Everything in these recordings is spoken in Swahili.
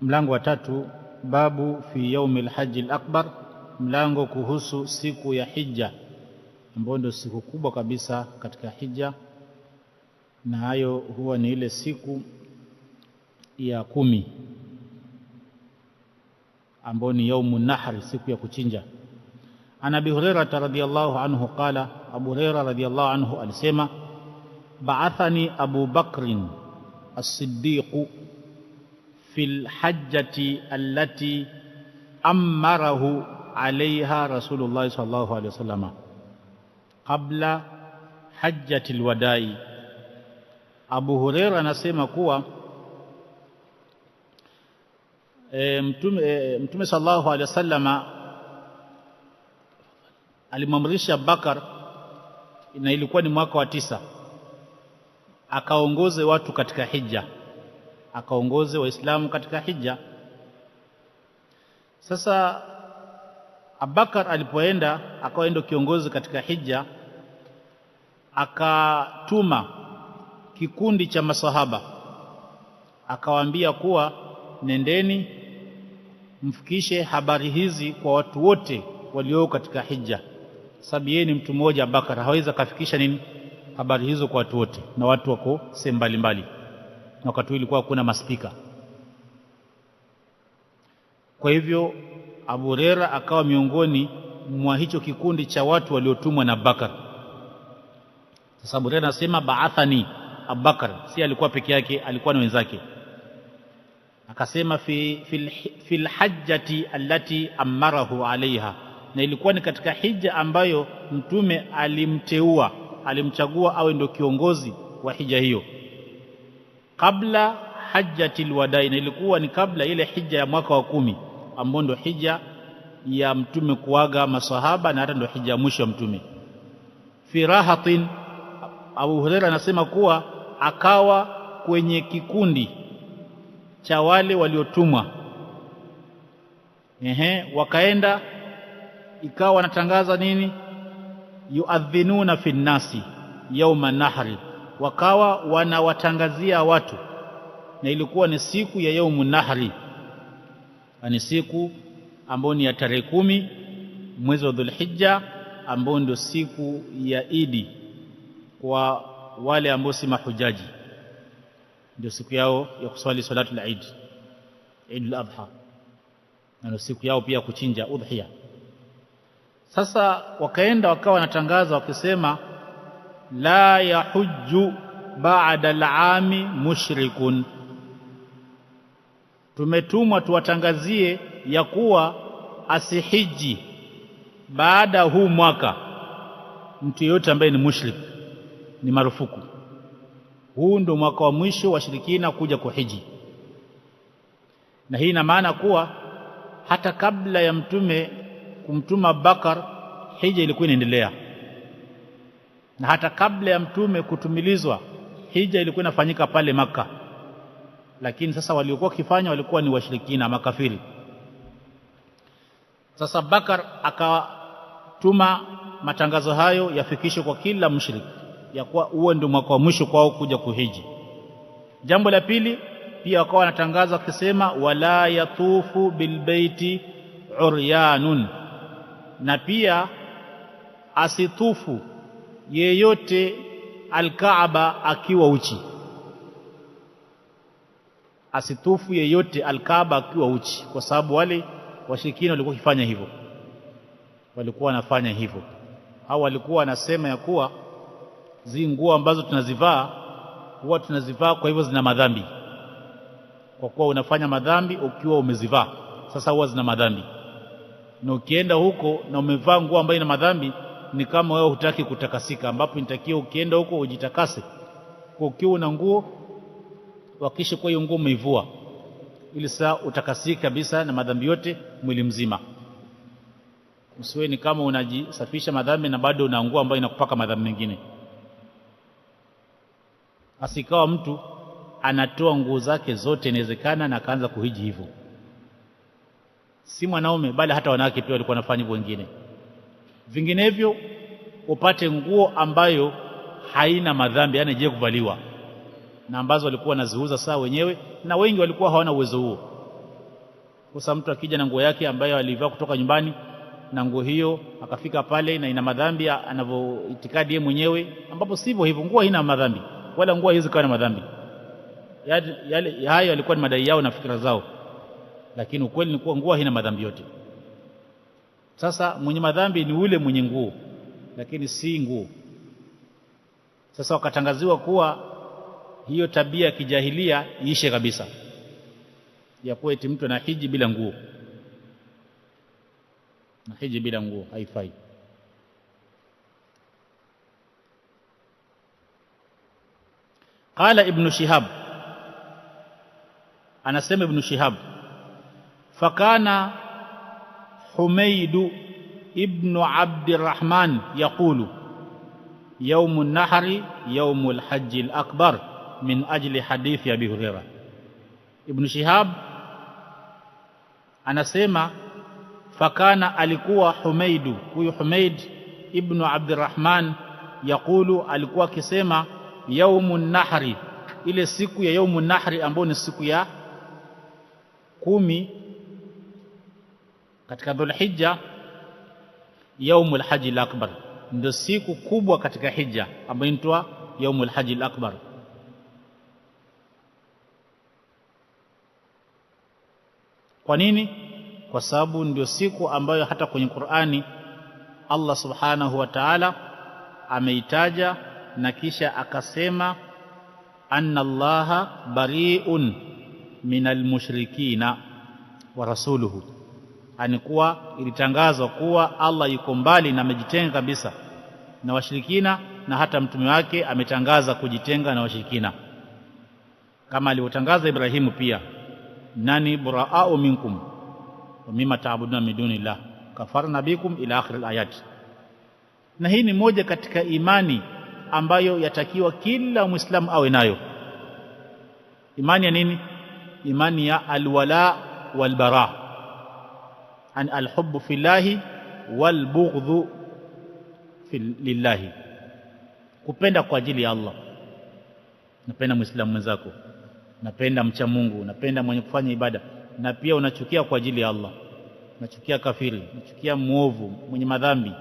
Mlango wa tatu, babu fi yaumi lhaji lakbar, mlango kuhusu siku ya hija ambayo ndio siku kubwa kabisa katika hija, na hayo huwa ni ile siku ya kumi ambayo ni yaumu nahri, siku ya kuchinja. An abi hurairata radhiyallahu anhu qala, Abu Huraira radhiyallahu anhu alisema, baathani Abu Bakrin as-Siddiq fi lhajjati alati amarahu alaiha Rasulullah sallallahu alaihi wasallam qabla hajjati lwadai. Abu Huraira anasema kuwa e, mtume, e, mtume sallallahu alaihi wasallam alimwamrisha Bakar, na ilikuwa ni mwaka wa tisa, akaongoze watu katika hija akaongoze Waislamu katika hija. Sasa Abubakar alipoenda akawa ndio kiongozi katika hija, akatuma kikundi cha masahaba akawaambia kuwa nendeni mfikishe habari hizi kwa watu wote walioko katika hija, sababu yeye ni mtu mmoja. Abubakar hawezi akafikisha nini habari hizo kwa watu wote, na watu wako sehemu mbalimbali na wakati huu ilikuwa hakuna maspika. Kwa hivyo Abu Huraira akawa miongoni mwa hicho kikundi cha watu waliotumwa na Bakar. Sasa Abu Huraira anasema baathani Abubakar, si alikuwa peke yake, alikuwa na wenzake. Akasema fi fil, fil hajjati allati amarahu alaiha, na ilikuwa ni katika hija ambayo mtume alimteua, alimchagua awe ndio kiongozi wa hija hiyo kabla hajjati lwadai na ilikuwa ni kabla ile hija ya mwaka wa kumi ambao ndo hija ya mtume kuaga masahaba na hata ndo hija ya mwisho ya mtume. Fi rahatin, Abu Huraira anasema kuwa akawa kwenye kikundi cha wale waliotumwa. Ehe, wakaenda ikawa wanatangaza nini, yuadhinuna fi nnasi yauma nahri wakawa wanawatangazia watu, na ilikuwa ni siku ya yaumu nahri, ni siku ambayo ni ya tarehe kumi mwezi wa Dhulhijja, ambayo ndio siku ya Idi kwa wale ambao si mahujaji, ndio siku yao ya kuswali salatu la Idi, Idul Adha, na ndio siku yao pia ya kuchinja udhiya. Sasa wakaenda wakawa wanatangaza wakisema la yahujju baada alami mushrikun. Tumetumwa tuwatangazie ya kuwa asihiji baada huu mwaka mtu yeyote ambaye ni mushrik, ni marufuku. Huu ndio mwaka wa mwisho washirikina kuja kuhiji, na hii ina maana kuwa hata kabla ya mtume kumtuma Bakar, hija ilikuwa inaendelea na hata kabla ya mtume kutumilizwa hija ilikuwa inafanyika pale Makka, lakini sasa waliokuwa wakifanya walikuwa ni washirikina makafiri. Sasa Bakar akatuma matangazo hayo yafikishwe kwa kila mshiriki, ya kuwa huo ndio mwaka wa mwisho kwao kuja kuhiji. Jambo la pili pia wakawa wanatangaza wakisema, wala yatufu bilbeiti uryanun, na pia asitufu yeyote Alkaaba akiwa uchi, asitufu yeyote Alkaaba akiwa uchi, kwa sababu wale washirikina walikuwa wakifanya hivyo, walikuwa wanafanya hivyo au walikuwa wanasema ya kuwa zii nguo ambazo tunazivaa huwa tunazivaa, kwa hivyo zina madhambi, kwa kuwa unafanya madhambi ukiwa umezivaa. Sasa huwa zina madhambi, na ukienda huko na umevaa nguo ambayo ina madhambi ni kama wewe hutaki kutakasika, ambapo inatakiwa ukienda huko ujitakase kwa, ukiwa una nguo wakishe kwa hiyo nguo umeivua, ili saa utakasika kabisa na madhambi yote mwili mzima. Usiwe ni kama unajisafisha madhambi na bado una nguo ambayo inakupaka madhambi mengine. Asikawa mtu anatoa nguo zake zote, inawezekana na akaanza kuhiji hivyo. Si mwanaume bali hata wanawake pia walikuwa wanafanya hivyo wengine vinginevyo upate nguo ambayo haina madhambi, yani je kuvaliwa na ambazo walikuwa wanaziuza saa wenyewe, na wengi walikuwa hawana uwezo huo. kwa mtu akija na nguo yake ambayo alivaa kutoka nyumbani na nguo hiyo akafika pale na ina madhambi anavyoitikadi yeye mwenyewe, ambapo sivyo hivyo. Nguo haina madhambi wala nguo hizo kana na madhambi. Hayo yalikuwa ni madai yao na fikra zao, lakini ukweli ni kuwa nguo haina madhambi yote. Sasa mwenye madhambi ni ule mwenye nguo, lakini si nguo. Sasa wakatangaziwa kuwa hiyo tabia ya kijahilia iishe kabisa, kuwa eti mtu anahiji bila nguo. Nahiji bila nguo haifai. Qala Ibnu Shihab, anasema Ibnu Shihab fakana حميد ابن عبد الرحمن يقول يوم النحر يوم الحج الأكبر من أجل حديث أبي هريرة ابن شهاب أنا سيما فكان ألقوا حميد هو حميد ابن عبد الرحمن يقول ألقوا كسيما يوم النحر إلى سكو يوم النحر أمبون السكو يا كومي katika Dhulhijja, yaumu lhaji lakbar ndio siku kubwa katika hija ambayo inaitwa yaumul lhaji lakbar Kwa nini? Kwa sababu ndio siku ambayo hata kwenye Qur'ani Allah subhanahu wa ta'ala ameitaja na kisha akasema anna llaha bari'un min almushrikina wa rasuluhu anikuwa ilitangazwa kuwa Allah yuko mbali na amejitenga kabisa na washirikina, na hata mtume wake ametangaza kujitenga na washirikina kama alivyotangaza Ibrahimu pia, nani buraau minkum wa mimma taabuduna min dunillah kafarna bikum ila akhir alayat. Na hii ni moja katika imani ambayo yatakiwa kila Mwislamu awe nayo. Imani ya nini? Imani ya alwala walbara an alhubbu fillahi walbughdhu lillahi, kupenda kwa ajili ya Allah. Napenda mwislamu mwenzako, napenda mcha Mungu, napenda mwenye kufanya ibada, na pia unachukia kwa ajili ya Allah, unachukia kafiri, unachukia mwovu, mwenye madhambi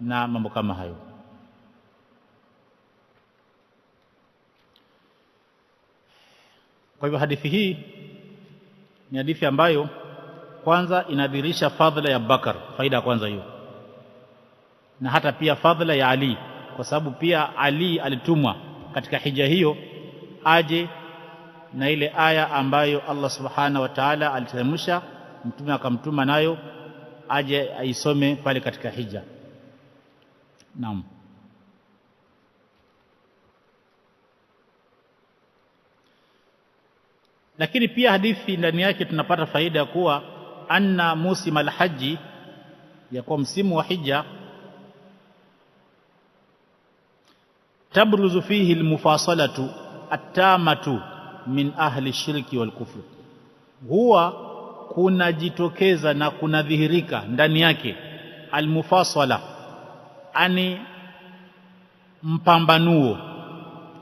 na mambo kama hayo. Kwa hivyo hadithi hii ni hadithi ambayo kwanza inadhirisha fadhila ya Abubakar, faida ya kwanza hiyo, na hata pia fadhila ya Ali, kwa sababu pia Ali alitumwa katika hija hiyo aje na ile aya ambayo Allah subhanahu wa taala aliteremsha, mtume akamtuma nayo aje aisome pale katika hija. Naam. Lakini pia hadithi ndani yake tunapata faida ya kuwa anna musima alhaji, ya kuwa msimu wa hija, tabruzu fihi almufasalatu attamatu min ahli shirki walkufri, huwa kunajitokeza na kunadhihirika ndani yake almufasala, ani mpambanuo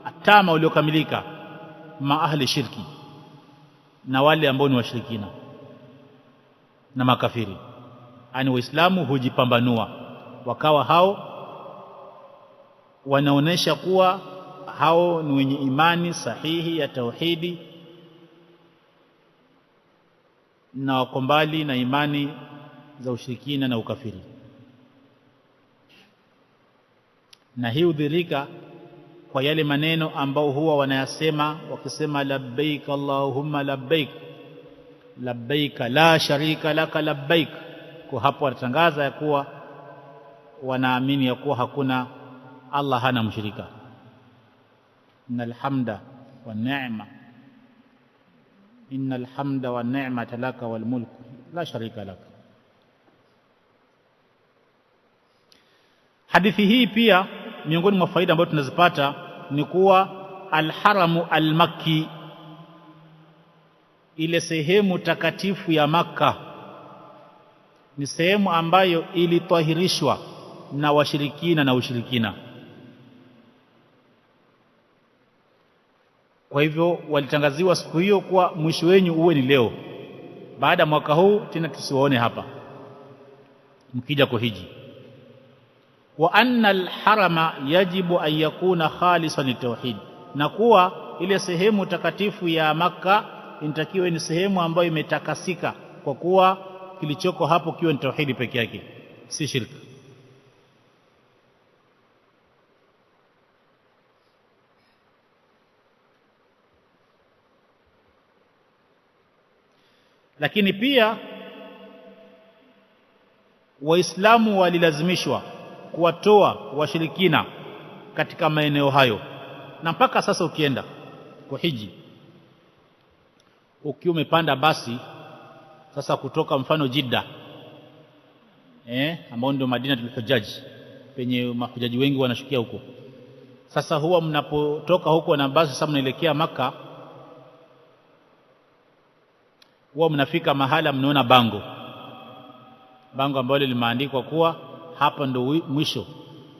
atama uliokamilika ma ahli shirki, na wale ambao ni washirikina na makafiri, yaani Waislamu hujipambanua, wakawa hao wanaonesha kuwa hao ni wenye imani sahihi ya tauhidi na wako mbali na imani za ushirikina na ukafiri. Na hii hudhirika kwa yale maneno ambao huwa wanayasema wakisema labbaik allahumma labbaik labbaika la sharika laka labbaik. Kwa hapo watatangaza ya kuwa wanaamini ya kuwa hakuna Allah hana mshirika. Innal hamda wan ni'ma, innal hamda wan ni'mata laka wal mulku la sharika laka. Hadithi hii pia miongoni mwa faida ambayo tunazipata ni kuwa alharamu almakki ile sehemu takatifu ya Makka ni sehemu ambayo ilitwahirishwa na washirikina na ushirikina. Kwa hivyo walitangaziwa siku hiyo kuwa mwisho wenyu uwe ni leo, baada ya mwaka huu tena tusiwaone hapa mkija kuhiji. Wa anna alharama yajibu an yakuna khalisan litauhid, na kuwa ile sehemu takatifu ya Makka inatakiwa ni sehemu ambayo imetakasika, kwa kuwa kilichoko hapo kiwe ni tauhidi peke yake, si shirka. Lakini pia Waislamu walilazimishwa kuwatoa washirikina katika maeneo hayo, na mpaka sasa ukienda kuhiji ukiwa umepanda basi sasa kutoka mfano Jidda eh, ambao ndio Madinatul Hujaji penye mahujaji wengi wanashukia huko. Sasa huwa mnapotoka huko na basi sasa mnaelekea Maka, huwa mnafika mahala mnaona bango bango ambalo limeandikwa kuwa hapa ndo mwisho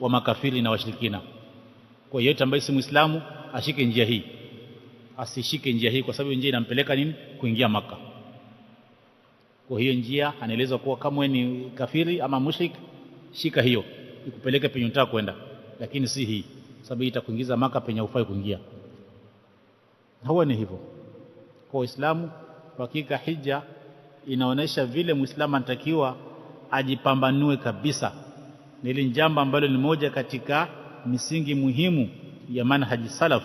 wa makafiri na washirikina. Kwa yeyote ambaye si Muislamu ashike njia hii asishike njia hii, kwa sababu njia inampeleka nini? Kuingia Maka. Kwa hiyo njia anaelezwa kuwa kama ni kafiri ama mushrik, shika hiyo ikupeleke penye unataka kwenda, lakini si hii, sababu itakuingiza Maka penye ufai kuingia. Huwa ni hivyo kwa Uislamu. Kwa hakika hija inaonyesha vile mwislamu anatakiwa ajipambanue kabisa, na njamba jambo ambalo ni moja katika misingi muhimu ya manhaji salaf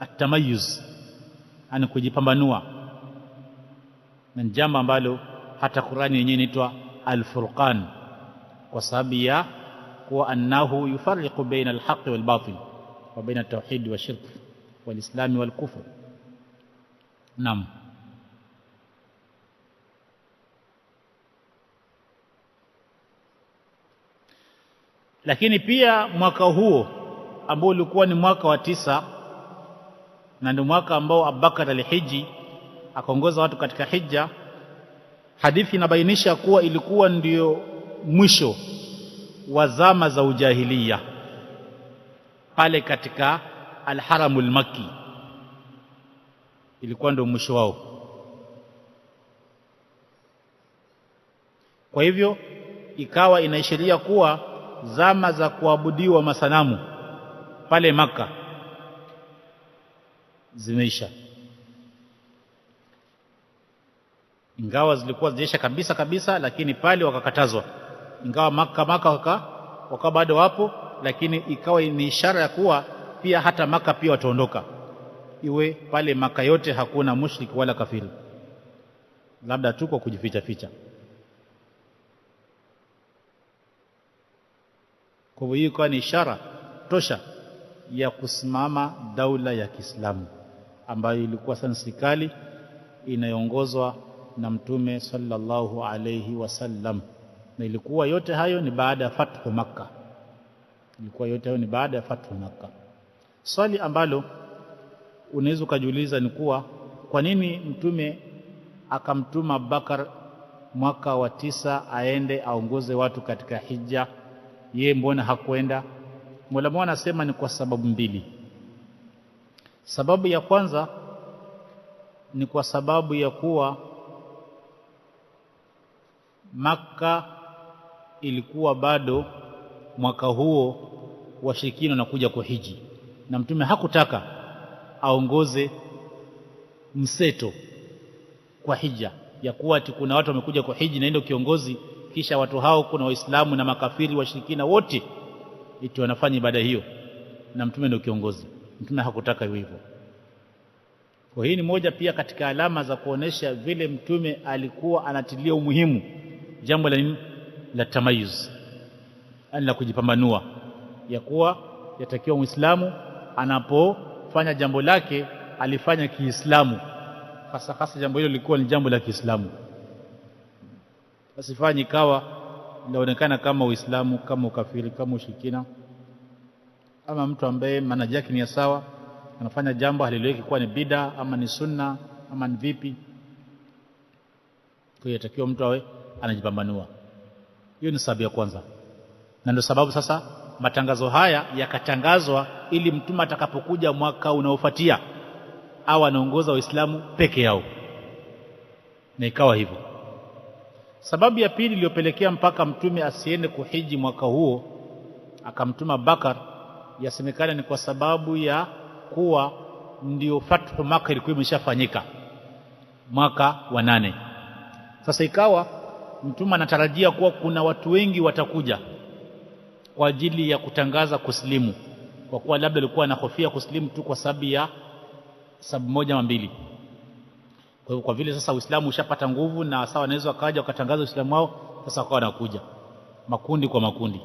atamayuz ani kujipambanua, na ni jambo ambalo hata Qur'ani yenyewe inaitwa Al-Furqan kwa sababu ya kuwa annahu yufarriqu baina alhaqi walbatil wa baina tauhidi washirki walislami walkufr Naam. Lakini pia mwaka huo ambao ulikuwa ni mwaka wa tisa na ndio mwaka ambao Abubakar alihiji akaongoza watu katika hija. Hadithi inabainisha kuwa ilikuwa ndio mwisho wa zama za ujahiliya pale katika Alharamul Makki, ilikuwa ndio mwisho wao. Kwa hivyo ikawa inaishiria kuwa zama za kuabudiwa masanamu pale makka zimeisha, ingawa zilikuwa zimeisha kabisa kabisa, lakini pale wakakatazwa. Ingawa Maka Maka waka, waka bado wapo, lakini ikawa ni ishara ya kuwa pia hata Maka pia wataondoka, iwe pale Maka yote hakuna mushriki wala kafiri, labda tu kwa kujificha ficha. Kwa hivyo hii ikawa ni ishara tosha ya kusimama daula ya Kiislamu ambayo ilikuwa sana kali inayoongozwa na Mtume sallallahu alayhi wasallam, na ilikuwa yote hayo ni baada ya fathu Makka. Ilikuwa yote hayo ni baada ya fathu Makka. Swali ambalo unaweza ukajiuliza ni kuwa kwa nini Mtume akamtuma Abubakar mwaka wa tisa aende aongoze watu katika hija, yeye mbona hakwenda? Mwalimu anasema ni kwa sababu mbili. Sababu ya kwanza ni kwa sababu ya kuwa Makka ilikuwa bado mwaka huo washirikina wanakuja kuhiji, na Mtume hakutaka aongoze mseto kwa hija ya kuwa ati kuna watu wamekuja kwa hiji na ndio kiongozi, kisha watu hao kuna Waislamu na makafiri washirikina wote iti wanafanya ibada hiyo, na Mtume ndio kiongozi. Mtume hakutaka iwe hivyo. Kwa hii ni moja pia katika alama za kuonesha vile Mtume alikuwa anatilia umuhimu jambo la nini, la tamayuz, yaani la kujipambanua, ya kuwa yatakiwa Mwislamu anapofanya jambo lake alifanya Kiislamu, hasa hasa jambo hilo lilikuwa ni jambo la Kiislamu, asifanye ikawa inaonekana kama Uislamu kama ukafiri kama ushirikina ama mtu ambaye manhaji yake ni ya sawa, anafanya jambo haliliweki kuwa ni bida ama ni sunna ama ni vipi. Kwa hiyo atakiwa mtu awe anajipambanua. Hiyo ni sababu ya kwanza, na ndio sababu sasa matangazo haya yakatangazwa ili mtume atakapokuja mwaka unaofuatia au anaongoza Waislamu peke yao, na ikawa hivyo. Sababu ya pili iliyopelekea mpaka mtume asiende kuhiji mwaka huo akamtuma Bakar yasemekana ni kwa sababu ya kuwa ndio fathu Maka ilikuwa imeshafanyika mwaka wa nane. Sasa ikawa mtume anatarajia kuwa kuna watu wengi watakuja kwa ajili ya kutangaza kusilimu, kwa kuwa labda alikuwa anahofia kusilimu tu kwa sababu ya sababu moja ama mbili. Kwa hivyo, kwa vile sasa Uislamu ushapata nguvu na sawa, wanaweza wakaja wakatangaza Uislamu wao, sasa wakawa wanakuja makundi kwa makundi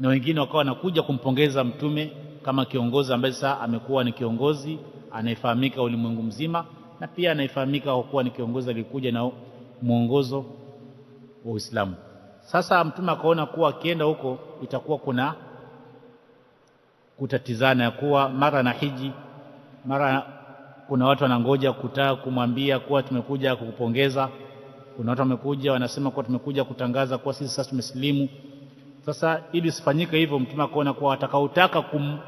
na wengine wakawa wanakuja kumpongeza mtume kama kiongozi ambaye sasa amekuwa ni kiongozi anayefahamika ulimwengu mzima, na pia anayefahamika kwa kuwa ni kiongozi aliyekuja na mwongozo wa Uislamu. Sasa mtume akaona kuwa akienda huko itakuwa kuna kutatizana, ya kuwa mara na hiji mara kuna watu wanangoja kutaka kumwambia kuwa tumekuja kukupongeza, kuna watu wamekuja wanasema kuwa tumekuja kutangaza kuwa sisi sasa tumesilimu. Sasa ili sifanyike hivyo, Mtume akaona kuwa watakaotaka kum,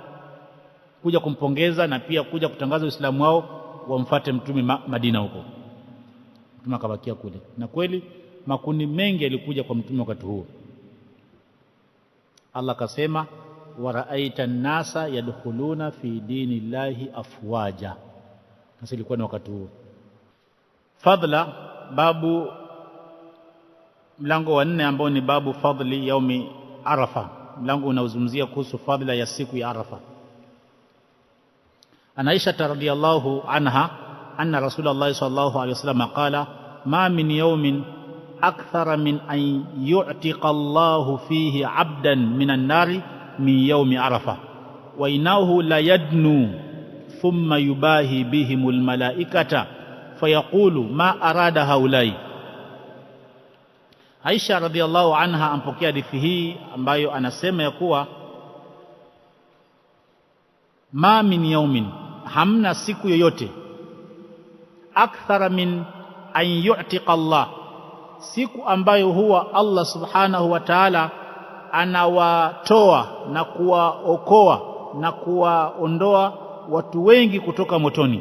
kuja kumpongeza na pia kuja kutangaza Uislamu wao wamfate Mtume ma, Madina huko. Mtume akabakia kule, na kweli makundi mengi yalikuja kwa Mtume wakati huo. Allah akasema waraaita nnasa yadkhuluna fi dini llahi afwaja. Sasa ilikuwa ni wakati huo. Fadla, babu mlango wa nne ambao ni babu fadli yaumi Arafa, mlango unaozungumzia kuhusu fadhila ya siku ya Arafa. An Aisha anha anna Rasulullah sallallahu alaihi wasallam qala ma min yawmin akthara min an yu'tiqa Allahu fihi 'abdan min an-nari min yawmi Arafa wa inahu la yadnu thumma yubahi bihim malaikata fayaqulu ma arada haulai Aisha radhiallahu anha ampokea hadithi hii ambayo anasema ya kuwa ma min yaumin, hamna siku yoyote, akthara min an yutika Allah, siku ambayo huwa Allah subhanahu wa ta'ala anawatoa na kuwaokoa na kuwaondoa watu wengi kutoka motoni,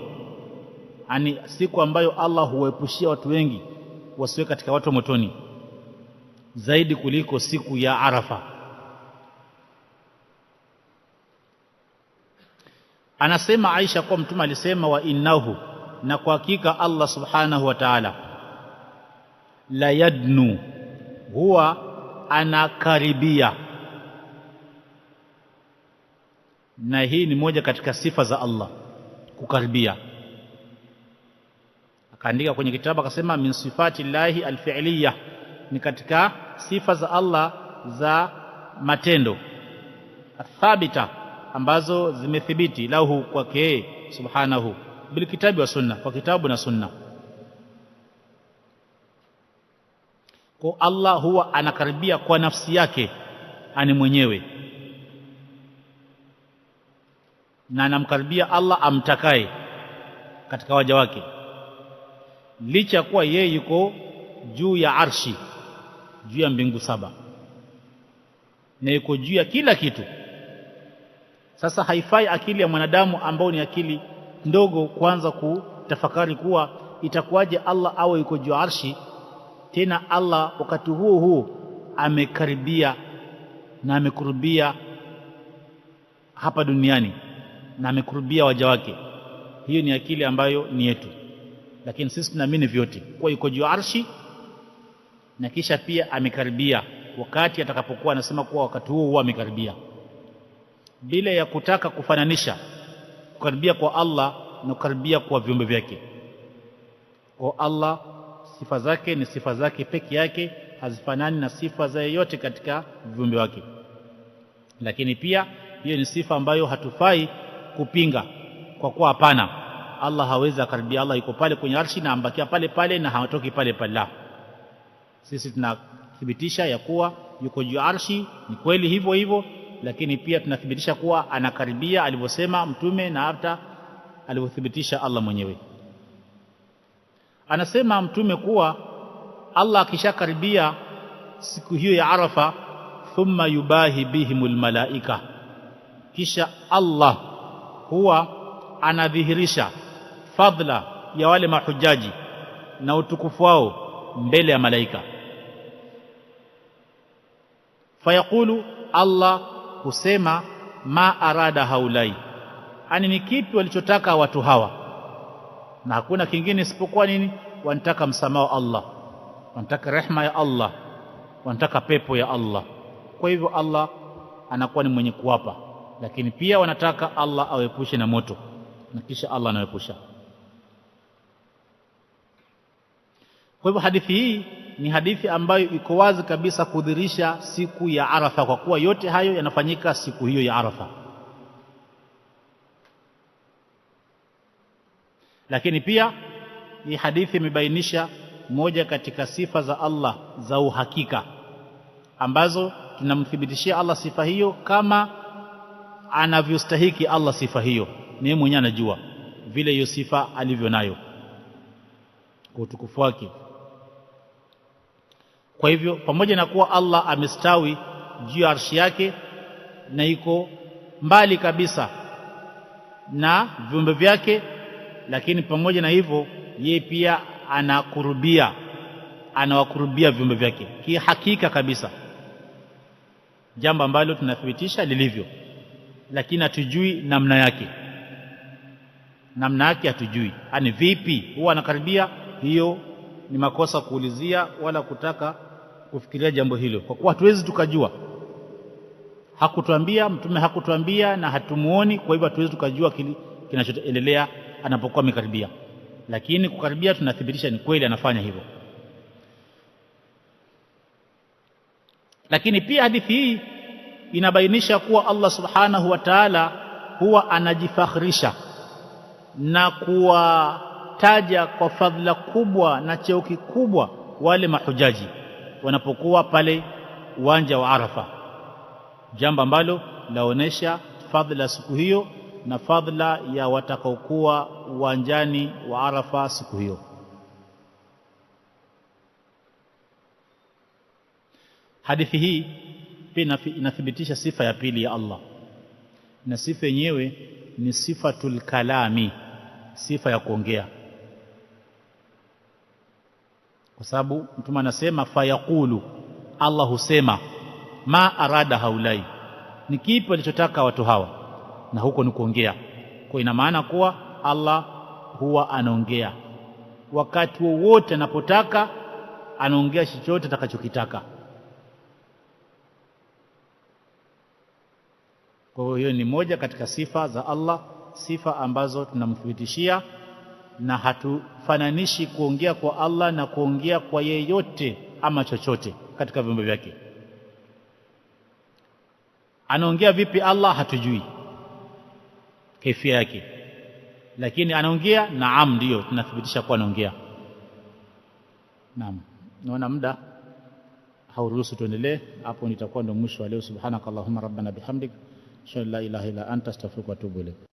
yani siku ambayo Allah huwaepushia watu wengi wasiwe katika watu motoni zaidi kuliko siku ya Arafa. Anasema Aisha kuwa Mtume alisema, wa innahu, na kwa hakika Allah subhanahu wa ta'ala, la yadnu, huwa anakaribia. Na hii ni moja katika sifa za Allah, kukaribia. Akaandika kwenye kitabu akasema, min sifati llahi alfi'liya ni katika sifa za Allah za matendo athabita ambazo zimethibiti lahu kwake yeye subhanahu bilkitabi wa sunna, kwa kitabu na sunna. Kwa Allah huwa anakaribia kwa nafsi yake ani mwenyewe na anamkaribia Allah amtakaye katika waja wake, licha ya kuwa yeye yuko juu ya arshi juu ya mbingu saba na iko juu ya kila kitu. Sasa haifai akili ya mwanadamu ambao ni akili ndogo kuanza kutafakari kuwa itakuwaje Allah awe yuko juu arshi, tena Allah wakati huo huo amekaribia na amekurubia hapa duniani na amekurubia waja wake. Hiyo ni akili ambayo ni yetu, lakini sisi tunaamini vyote kuwa yuko juu arshi na kisha pia amekaribia wakati atakapokuwa anasema kuwa wakati huo huwa amekaribia, bila ya kutaka kufananisha kukaribia kwa Allah na kukaribia kwa viumbe vyake. Kwa Allah sifa zake ni sifa zake peke yake, hazifanani na sifa za yeyote katika viumbe wake. Lakini pia hiyo ni sifa ambayo hatufai kupinga, kwa kuwa hapana, Allah hawezi akaribia. Allah yuko pale kwenye arshi na ambakia pale pale na hatoki pale pale, la sisi tunathibitisha ya kuwa yuko juu arshi, ni kweli hivyo hivyo, lakini pia tunathibitisha kuwa anakaribia alivyosema Mtume na hata alivyothibitisha Allah mwenyewe. Anasema Mtume kuwa Allah akishakaribia siku hiyo ya Arafa, thumma yubahi bihimul malaika, kisha Allah huwa anadhihirisha fadhila ya wale mahujaji na utukufu wao mbele ya malaika. Fayaqulu, Allah husema ma arada haulai, ani ni kipi walichotaka watu hawa, na hakuna kingine isipokuwa nini? Wanataka msamaha wa Allah, wanataka rehma ya Allah, wanataka pepo ya Allah. Kwa hivyo Allah anakuwa ni mwenye kuwapa, lakini pia wanataka Allah awepushe na moto, na kisha Allah anawepusha. Kwa hivyo hadithi hii ni hadithi ambayo iko wazi kabisa kudhirisha siku ya Arafa, kwa kuwa yote hayo yanafanyika siku hiyo ya Arafa. Lakini pia hii hadithi imebainisha moja katika sifa za Allah za uhakika ambazo tunamthibitishia Allah sifa hiyo kama anavyostahiki Allah sifa hiyo, ni yeye mwenyewe anajua vile hiyo sifa alivyo nayo kwa utukufu wake. Kwa hivyo pamoja na kuwa Allah amestawi juu ya arshi yake na iko mbali kabisa na viumbe vyake, lakini pamoja na hivyo yeye pia anakurubia, anawakurubia viumbe vyake kihakika kabisa, jambo ambalo tunathibitisha lilivyo, lakini hatujui namna yake, namna yake hatujui, ani vipi huwa anakaribia. Hiyo ni makosa kuulizia wala kutaka kufikiria jambo hilo, kwa kuwa hatuwezi tukajua. Hakutuambia Mtume, hakutuambia na hatumuoni, kwa hivyo hatuwezi tukajua kinachoendelea anapokuwa amekaribia, lakini kukaribia tunathibitisha ni kweli anafanya hivyo. Lakini pia hadithi hii inabainisha kuwa Allah subhanahu wa ta'ala huwa anajifakhirisha na kuwataja kwa fadhila kubwa na cheo kikubwa wale mahujaji wanapokuwa pale uwanja wa Arafa, jambo ambalo laonesha fadhila siku hiyo na fadhila ya watakaokuwa uwanjani wa Arafa siku hiyo. Hadithi hii pia inathibitisha sifa ya pili ya Allah, na sifa yenyewe ni sifatul kalami, sifa ya kuongea kwa sababu Mtume anasema fayaqulu, Allah husema ma arada haulai, ni kipi alichotaka watu hawa, na huko ni kuongea. Kwa ina maana kuwa Allah huwa anaongea wakati wowote anapotaka, anaongea chochote atakachokitaka. Kwa hiyo ni moja katika sifa za Allah, sifa ambazo tunamthibitishia na hatufananishi kuongea kwa Allah na kuongea kwa yeyote ama chochote katika viumbe vyake. Anaongea vipi Allah hatujui kaifia yake, lakini anaongea. Naam, ndiyo tunathibitisha kuwa anaongea. Naam, naona muda hauruhusu tuendelee hapo, nitakuwa ndo mwisho wa leo. Subhanakallahumma rabbana bihamdik ashhadu an la ilaha illa anta astaghfiruka wa atubu ilayk.